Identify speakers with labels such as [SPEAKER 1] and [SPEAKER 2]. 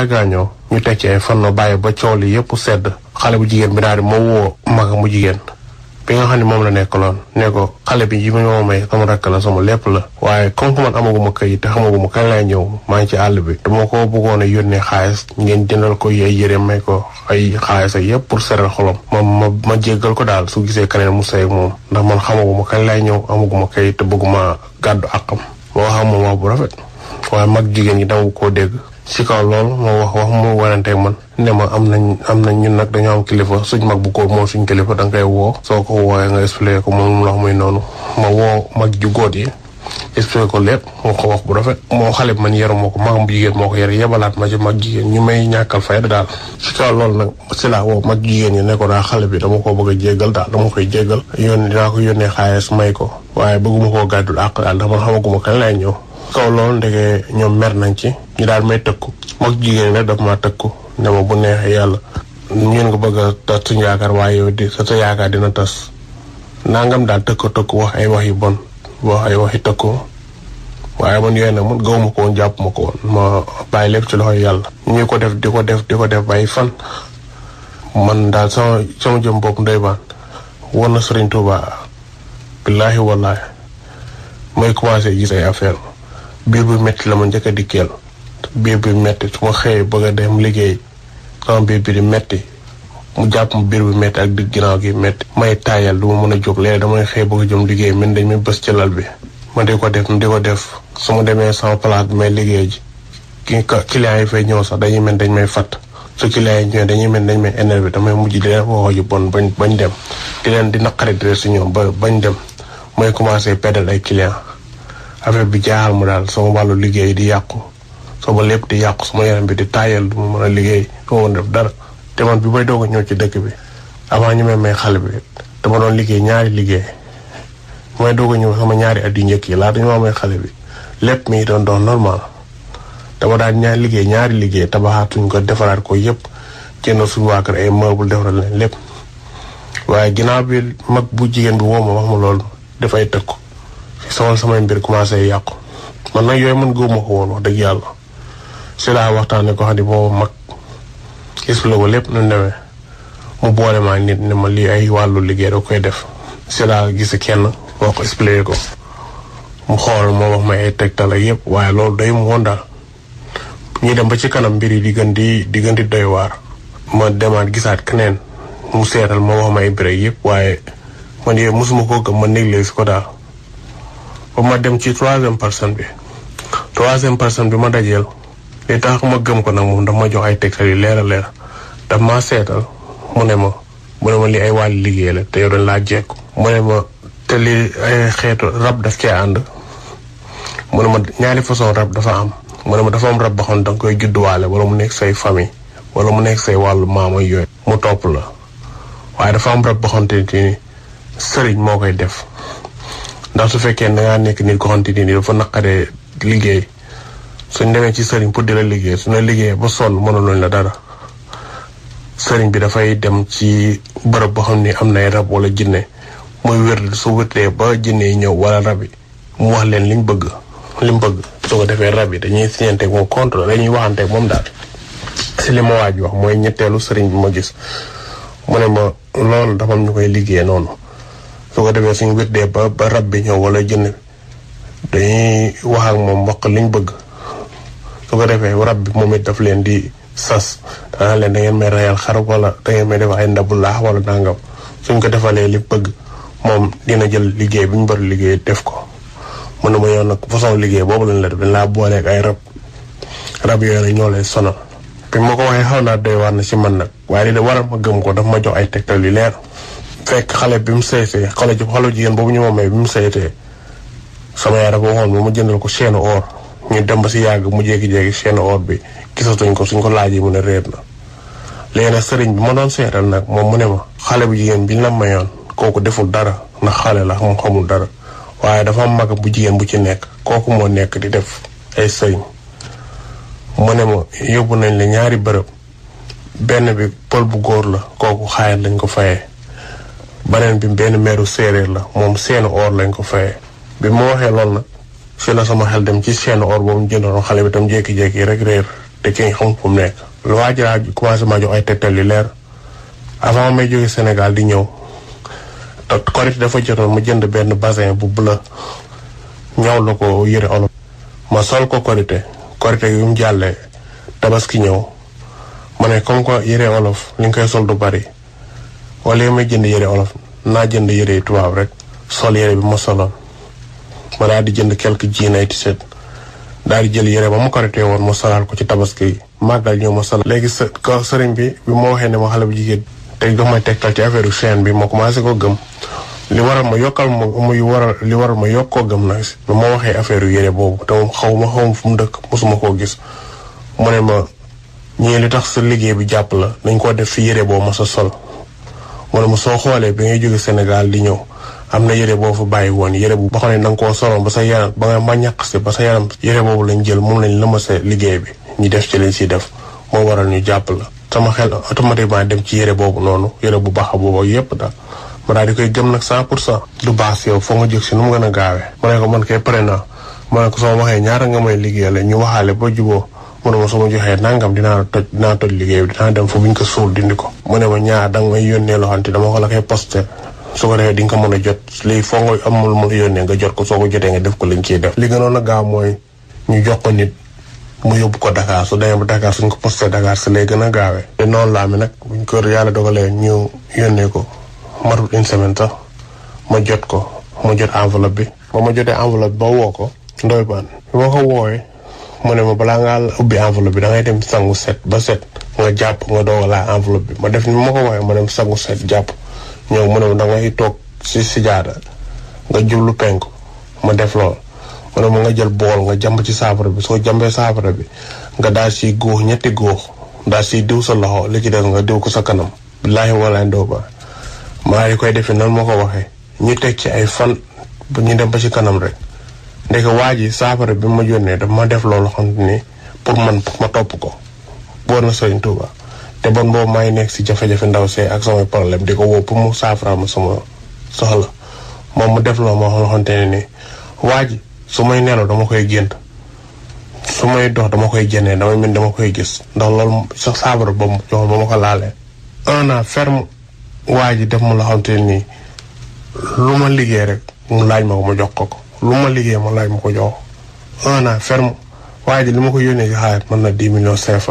[SPEAKER 1] gaañoo ñu teg ci ay fan bàyyi ba coow li yëpp sedd xale bu jigéen bi daal di ma woo mu jigéen bi nga xam ne moom la nekk loon ne ko xale bi ji ma ma may sama rakk la sama lépp la waaye comme que man amaguma këyit te xamaguma kañ laay ñëw maa ngi ci àll bi dama ko bëggoon a yónnee xaalis ngeen jëndal ko ay yére may ko ay xaalis ak yëpp pour seral xolom ma ma ma jéggal ko daal su gisee keneen mu sey moom ndax man xamaguma kañ laay ñëw amaguma këyit te bëgguma gàddu àqam moo xam moom wax waaye mag jigéen ñi daw koo dégg si kaw loolu moo wax wax mu man ne ma am nañ am nañ ñun nag dañoo am kilifa suñ mag bu góor moom suñ kilifa da nga koy woo soo ko woowee nga expliqué ko moom la wax muy noonu ma woo mag ju góor yi expliqué ko lépp moo ko wax bu rafet moo xale man yaru moo ko magam bu jigéen moo ko yare yebalaat ma ci mag jigéen ñu may ñàkkal fayda daal si kaw loolu nag si laa woo mag jigéen ñi ne ko daa xale bi dama ko bëgg a jéggal daal dama koy jéggal yónni daa ko yónnee xaalis may ko waaye bëgguma koo gàddul àq daal dama xamaguma kañ lay ñëw kaw loolu ndege ñoom mer nañ ci ñu daal may tëkku mook jigéen la daf maa tëkku ne ma bu neexee yàlla ñun nga bëgg a tas suñu yaakaar waaye yow di dina tas nangam daal tëkku tëkku wax ay wax yu bon wax ay waxi tëkku waaye man yooyu nag man gawuma ko woon jàpp ma ko woon ma bàyyi lépp ci loxoy yàlla ñu ko def di ko def di ko def bàyyi fan man daal sama sama jëm bopp ndoy baan war na Sëriñ Tuubaa billaahi wallaahi may commencé gis ay affaire biir bu métti la ma njëkk a dikkeel biir bi métti su ma xëyee bëgg a dem liggéey sama biir bi di métti mu jàpp mu biir bu métti ak digg ginnaaw gi métti may taayal du ma mën a jóg léegi damay xëy bëgg a jëm liggéey man dañ may bës ci lal bi ma di ko def ma di ko def su ma demee sama place bi may liggéey ji ki client yi fay ñëw sax dañuy mel dañ may fatt su client yi dañuy mel dañ may énervé damay mujj di leen waxoo ju bon bañ bañ dem di leen di naqari si ñoom ba bañ dem may commencé perdre ay client affaire bi jaaxal ma daal sama wàllu liggéey di yàqu sama lépp di yàqu suma yaram bi di taayal du ma mën a liggéey du ma def dara te man bi may doog a ñëw ci dëkk bi avant ñu may may xale bi dama doon liggéey ñaari liggéey bi may doog a ñëw sama ñaari at yu njëkk yi laa dañu ma may xale bi lépp mi doon doon normal dama daan ñaari liggéey ñaari liggéey tabaxaatuñ ko defaraat ko yépp jënd suñu waa kër ay meuble defaral leen lépp waaye ginnaaw bi mag bu jigéen bi woo ma wax ma loolu dafay tëkku sama samay mbir commencé yàqu man na yooyu man góob ma ko woon wax dëgg yàlla si laa waxtaanee ko xam ne boobu mag expliqué ko lépp nu mu boole maa nit ma lii ay wàllu liggéey da koy def si laa gis kenn boo ko expliqué ko xool moo wax ma ay tegtal ak yëpp waaye loolu day mu woon daal ñuy dem ba ci kanam mbir yi di gën di di gën di doy waar ma demaat gisaat keneen mu seetal moo wax ma ay bire yëpp waaye man yooyu mosuma ko gëm ma négligé ko daal ba ma dem ci troisième personne bi troisième personne bi ma dajeel li tax ma gëm ko nag moom daf ma jox ay tegtal yu leer a leer daf maa seetal mu ne ma mu ne ma li ay wàll liggéey la te yow dañ laa jekku mu ne ma te li ay xeetu rab daf cee ànd mu ne ma ñaari façon rab dafa am mu ne ma dafa am rab ba xam da nga koy judduwaale wala mu nekk say famille wala mu nekk say wàllu maam ak yooyu mu topp la waaye dafa am rab ba xamante ni sëriñ moo koy def ndax su fekkee ne dangaa nekk nit ko xamante ni dafa naqaree liggéey suñ demee ci sëriñ pour di la liggéey suñ la liggéeyee ba sonn mënul la dara sëriñ bi dafay dem ci bërëb boo xam ne am nay rab wala jinne muy wér su wértee ba jinne ñëw wala rab yi mu wax leen liñ bëgg li mu bëgg su ko defee rab yi dañuy siñanteeg moom contre dañuy waxanteeg moom daal si li ma mooy ñetteelu sëriñ bi ma gis mu ma loolu dafa am koy liggéey noonu su ko defee suñ wirdee dee ba rab bi ñëw wala jënd dañuy wax ak moom wax liñ bëgg su ko defee rab bi moom it daf leen di sas danaa leen da ngeen may reyal xar wala da ngeen may def ay ndabu laax wala nangam suñ ko defalee li bëgg moom dina jël liggéey bi ñu bëri liggéey def ko mën na ma yoon nag façon liggéey boobu lañ la def dañ laa booleeg ay rab rab yooyu nag ñoo lay sonal bi ma ko waxee xaw naa doy waar na si man nag waaye li de waral ma gëm ko daf ma jox ay tegtal yu leer fekk xale bi mu saytee xale ji xale jigéen boobu ñu ma may bi mu saytee sama yaay dafa waxoon ba mu jëndal ko chaîne or ñu dem ba si yàgg mu jékki-jékki chaîne or bi gisatuñ ko suñ ko laajee mu ne réer na. léegi sëriñ bi ma doon seetal nag moom mu ne ma xale bu jigéen bi la mayoon kooku deful dara ndax xale la moom xamul dara waaye dafa mag bu jigéen bu ci nekk kooku moo nekk di def ay sëriñ mu ne ma yóbbu nañ la ñaari bërëb benn bi pël bu góor la kooku xaayal lañ ko fayee. beneen bi benn meeru séeréer la moom seenu or lañ ko fayee bi ma waxee loolu nag si la sama xel dem ci seenu or boobu jëndoon xale bi tam jékki-jékki rek réer te ki nga xam mu nekk. lu waajal commencé maa jox ay tegtal yu leer avant may jógee Sénégal di ñëw te korite dafa jotoon ma jënd benn bassin bu bleu ñaw la ko yëre olof. ma sol ko korite korite yu mu jàllee tabaski ñëw ma ne comme que yëre olof li koy sol du bari. wala yow may jënd yére olof naa jënd yëre tubaab rek sol yére bi ma soloon ma daal di jënd quelque jean ay t-shirt daal di jël yére ba mu korité woon ma solaal ko ci tabaski yi màggal ñëw ma solal léegi sa ko sëriñ bi bi ma waxee ne ma xale bu jigéen te daf ma tegtal ci affaire chaîne bi ma commencé ko gëm li waral ma yokkal ma muy waral li waral ma yokk koo gëm nag bi ma waxee affaire yére boobu te moom xaw ma xaw fu mu dëkk mosuma koo gis mu ne ma ñii li tax sa liggéey bi jàpp la nañ ko def fi yére boobu ma sol wala mu soo xoolee bi ngay jógee Sénégal di ñëw am na yére boo fa bàyyi woon yére bu ba xam ne na nga koo soloon ba sa yaram ba nga ma ñàq si ba sa yaram yére boobu lañ jël moom lañ lëmase liggéey bi ñu def ci lañ siy def moo waral ñu jàpp la sama xel automatiquement dem ci yére boobu noonu yére bu baax a boobu yépp daal ma daal di koy gëm nag cent pour cent du baax si yow foo nga jóg si nu mu gën a gaawee ma ne ko man kay pare ma ne ko soo waxee ñaara nga may liggéeyal ñu waxaale ba juboo mu ne ma su ma joxee nangam dinaa la toj liggéey bi dinaa dem fu buñ ko suul dindi ko. mu ne ma ñaar danga may yónnee loo xam te dama ko la koy posté ko defee nga a jot léegi foo nga amul nga jot ko soo ko jotee nga def ko liñ ciy def. li gënoon a gaaw mooy ñu jox ko nit mu yóbbu ko Dakar su demee ba Dakar suñ ko posté Dakar si lay gën a gaawee. te noonu laa mi nag buñ ko yàlla dogalee ñu yónnee ko matul une semaine sax ma jot ko ma jot enveloppe bi. ba ma jotee enveloppe ba woo ko. Ndoye Bane boo ko woowee mu ne ma balaa ngaa ubbi enveloppe bi dangay dem sangu set ba set nga jàpp nga doog a enveloppe bi ma def ni ma ko waxee ma dem sangu set jàpp ñëw mu ne ma toog si sijaada nga jublu penku ma def lool. ma nga jël bool nga jàmb ci saafara bi soo jàmbee saafara bi nga daal siy góox ñetti góox daal siy diw sa loxo li ci nga diw ko sa kanam. billaahi walaay doo ba maa ngi koy defee nan ma ko waxee ñu teg ci ay fan bu ñu dem ba ci kanam rek. ndeke waji safara bi ma yónnee daf ma def lolu xam pour man ma top ko boor na sëriñ tuuba te bon bo may nek ci jafé jafé ndaw sé ak sama problème diko wo pour mu safara ma sama soxla mom mu def lolu ma xamante ne ni waji sumay nelo dama koy gënt sumay dox dama koy génnee dama min dama koy gis ndax lolu sax safara ba jox bama ko lalé un an ferme waji def mu la xamante ni luma liggé rek mu laaj mako mu jox ko ko lu ma liggéey ma laaj ma ko jox un an ferme waaye di li ma ko yónnee ci xaalis mën na dix millions cinq cent